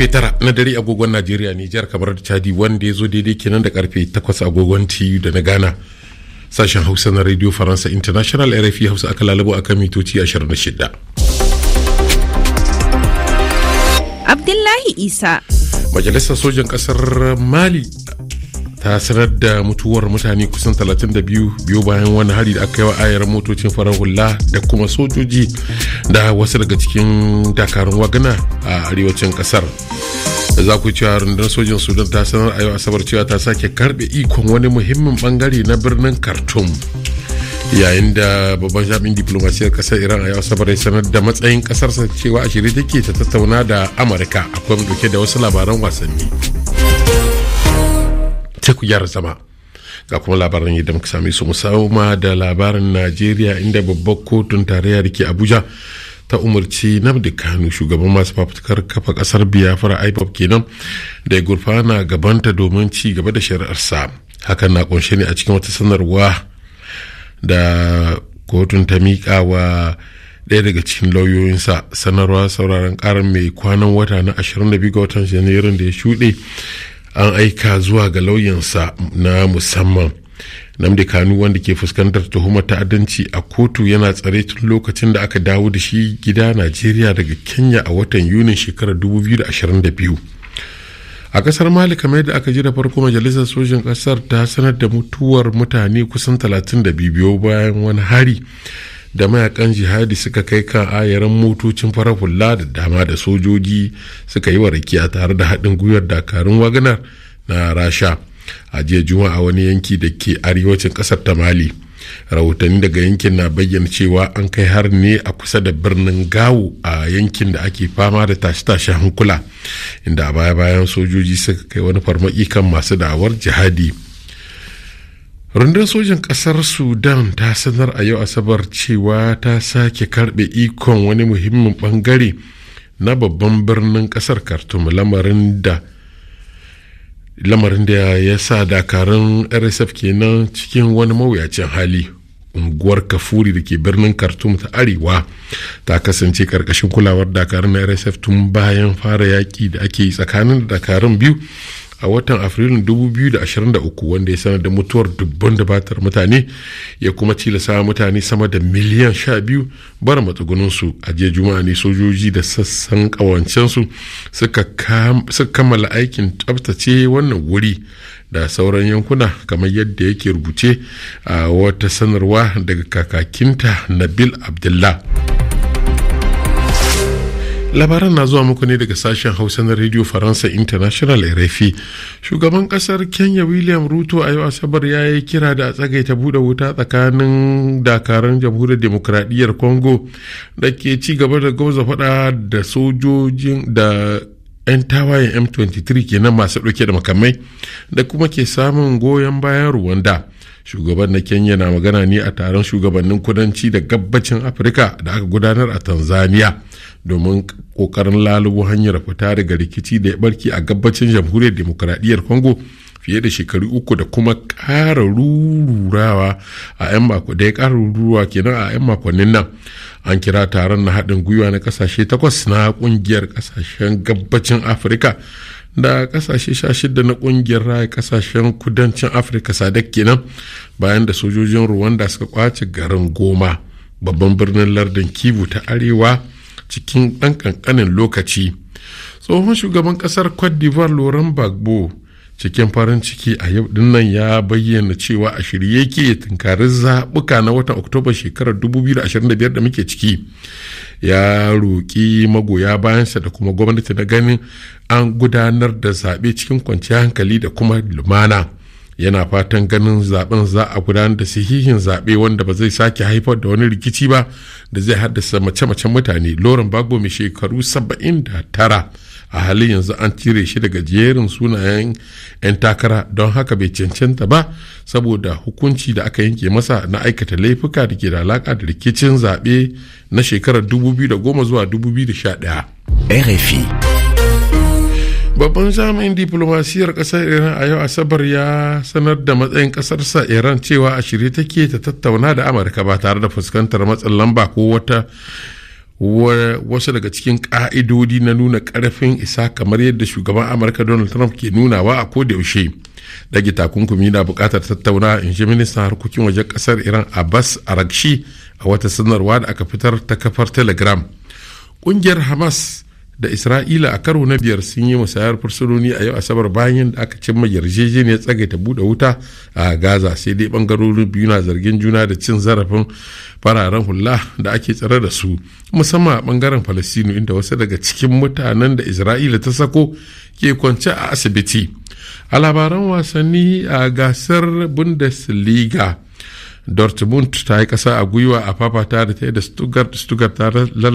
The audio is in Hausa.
karfe tara na dare agogon najeriya nijar kamar da chadi wanda ya zo daidai kenan da karfe takwas agogon tu da na ghana sashen hausa na radio faransa international rfi hausa aka lalabo akan mitoci 26 abdullahi isa majalisar sojan kasar mali ta sanar da mutuwar mutane kusan 32 biyu bayan wani hari da aka yi wa ayar motocin farar hula da kuma sojoji da wasu daga cikin dakarun wagana a arewacin kasar da za ku cewa rundunar sojin sudan ta sanar a yau asabar cewa ta sake karbe ikon wani muhimmin bangare na birnin khartoum yayin da babban jami'in diplomasiyar kasar iran a yau asabar ya sanar da matsayin kasarsa cewa a shirye take ta tattauna da amurka akwai mu dauke da wasu labaran wasanni sai ku gyara zama ga kuma labaran yadda muka sami su musamman da labarin najeriya inda babbar kotun tarayya da ke abuja ta umarci namdi kanu shugaban masu fafutukar kafa kasar biafra ipop kenan da ya gurfana gabanta domin ci gaba da shari'arsa hakan na kunshe ne a cikin wata sanarwa da kotun ta miƙa wa ɗaya daga cikin lauyoyinsa sanarwa sauraron ƙarin mai kwanan wata na 22 ga watan janairun da ya shuɗe an aika zuwa ga lauyansa na musamman namdi kanu wanda ke fuskantar tuhumar ta'addanci a kotu yana tsare tun lokacin da aka dawo da shi gida najeriya daga kenya a watan yunin shekarar 2022 a kasar mali kamar yadda aka ji da farko majalisar sojin kasar ta sanar da mutuwar mutane kusan 32 bayan wani hari da mayakan jihadi suka kai kan ayaran motocin farar da dama da sojoji suka yi wa rakiya tare da haɗin gwiwar dakarun waganar na rasha a jiya juma'a wani yanki da ke arewacin ƙasar ta mali rahotanni daga yankin na bayyana cewa an kai har ne a kusa da birnin gawo a yankin da ake fama da tashe-tashen hankula inda a baya-bayan sojoji suka kai wani farmaki kan masu da'awar jihadi Rundun sojan ƙasar Sudan ta sanar a yau Asabar cewa ta sake karbe ikon wani muhimmin bangare na babban birnin ƙasar Khartoum lamarin da lamarin da ya sa dakarun RSF kenan cikin wani mawuyacin hali. Unguwar Kafuri da ke birnin Khartoum ta Arewa ta kasance karkashin kulawar dakarun RSF tun bayan fara yaƙi da ake yi tsakanin dakarun biyu. a watan afrilun 2023 wanda ya sanar da mutuwar dubban da mutane ya kuma tilasa mutane sama da miliyan 12 bara matsugunansu a jiya juma'a ne sojoji da sassan kawancensu suka kammala aikin tsabtace wannan wuri da sauran yankuna kamar yadda yake rubuce a wata sanarwa daga kakakinta nabil abdullah labaran na zuwa muku ne daga sashen hausa na radio faransa international rfi shugaban kasar kenya william ruto a yau asabar ya yi kira da a tsagaita bude wuta tsakanin dakaran jamhuriyar demokradiyyar congo da ke ci gaba da gauza faɗa da sojojin da 'yan tawayen m23 kenan masu ɗauke da makamai da kuma ke samun goyon bayan ruwanda shugaban na kenya na magana ne a taron shugabannin kudanci da gabacin afirka da aka gudanar a tanzania domin kokarin lalubo hanyar fita daga rikici da ya barki a gabacin jamhuriyar demokuraɗiyyar congo fiye da shekaru uku da kuma ƙara rurawa a 'yan mako da ya ƙara rurawa kenan a 'yan makonnin nan an kira taron na haɗin gwiwa na ƙasashe takwas na ƙungiyar ƙasashen gabacin afirka da ƙasashe sha shida na ƙungiyar raya ƙasashen kudancin afirka sadak kenan bayan da sojojin rwanda suka kwace garin goma babban birnin lardin kivu ta arewa cikin ɗan ƙanƙanin lokaci tsohon shugaban ƙasar cote d'ivoire laurent gbagbo cikin farin ciki a yau din nan ya bayyana cewa a shirye yake tunkarin zaɓuka na watan oktoba shekarar 2025 da muke ciki ya roƙi magoya bayansa da kuma gwamnati na ganin an gudanar da zaɓe cikin kwanciyar hankali da kuma lumana yana fatan ganin zaben za a gudanar da sahihin zaɓe wanda ba zai sake haifar da wani rikici ba da zai haddasa mace-macen mutane loren bago mai shekaru tara a halin yanzu an cire shi daga jerin sunayen 'yan takara don haka bai cancanta ba saboda hukunci da aka yanke masa na aikata laifuka da ke da alaka da rikicin zaɓe na shekarar 2010 zuwa 2011 rfi babban jami'in diplomasiyyar kasar iran a yau asabar ya sanar da matsayin kasarsa iran cewa a shirye take ta tattauna da amurka ba tare da fuskantar matsin lamba ko wata wasu daga cikin ka'idodi na nuna karfin isa kamar yadda shugaban amurka donald trump ke nunawa a yaushe dage takunkumi na bukatar tattauna in ji ministan harkokin wajen kasar iran abbas arakshi a wata sanarwa da aka fitar ta kafar telegram ƙungiyar hamas da isra'ila a karo na biyar sun yi musayar fursunoni a yau asabar bayan da aka cimma yarjejeniyar tsagaita buɗe wuta a gaza sai dai bangarorin biyu na zargin juna da cin zarafin fararen hula da ake tsare da su musamman a bangaren falastinu inda wasu daga cikin mutanen da isra'ila ta sako ke kwance a asibiti a labaran wasanni a gasar bundesliga dortmund ta yi kasa a gwiwa a fafata da ta yi da stuttgart stuttgart ta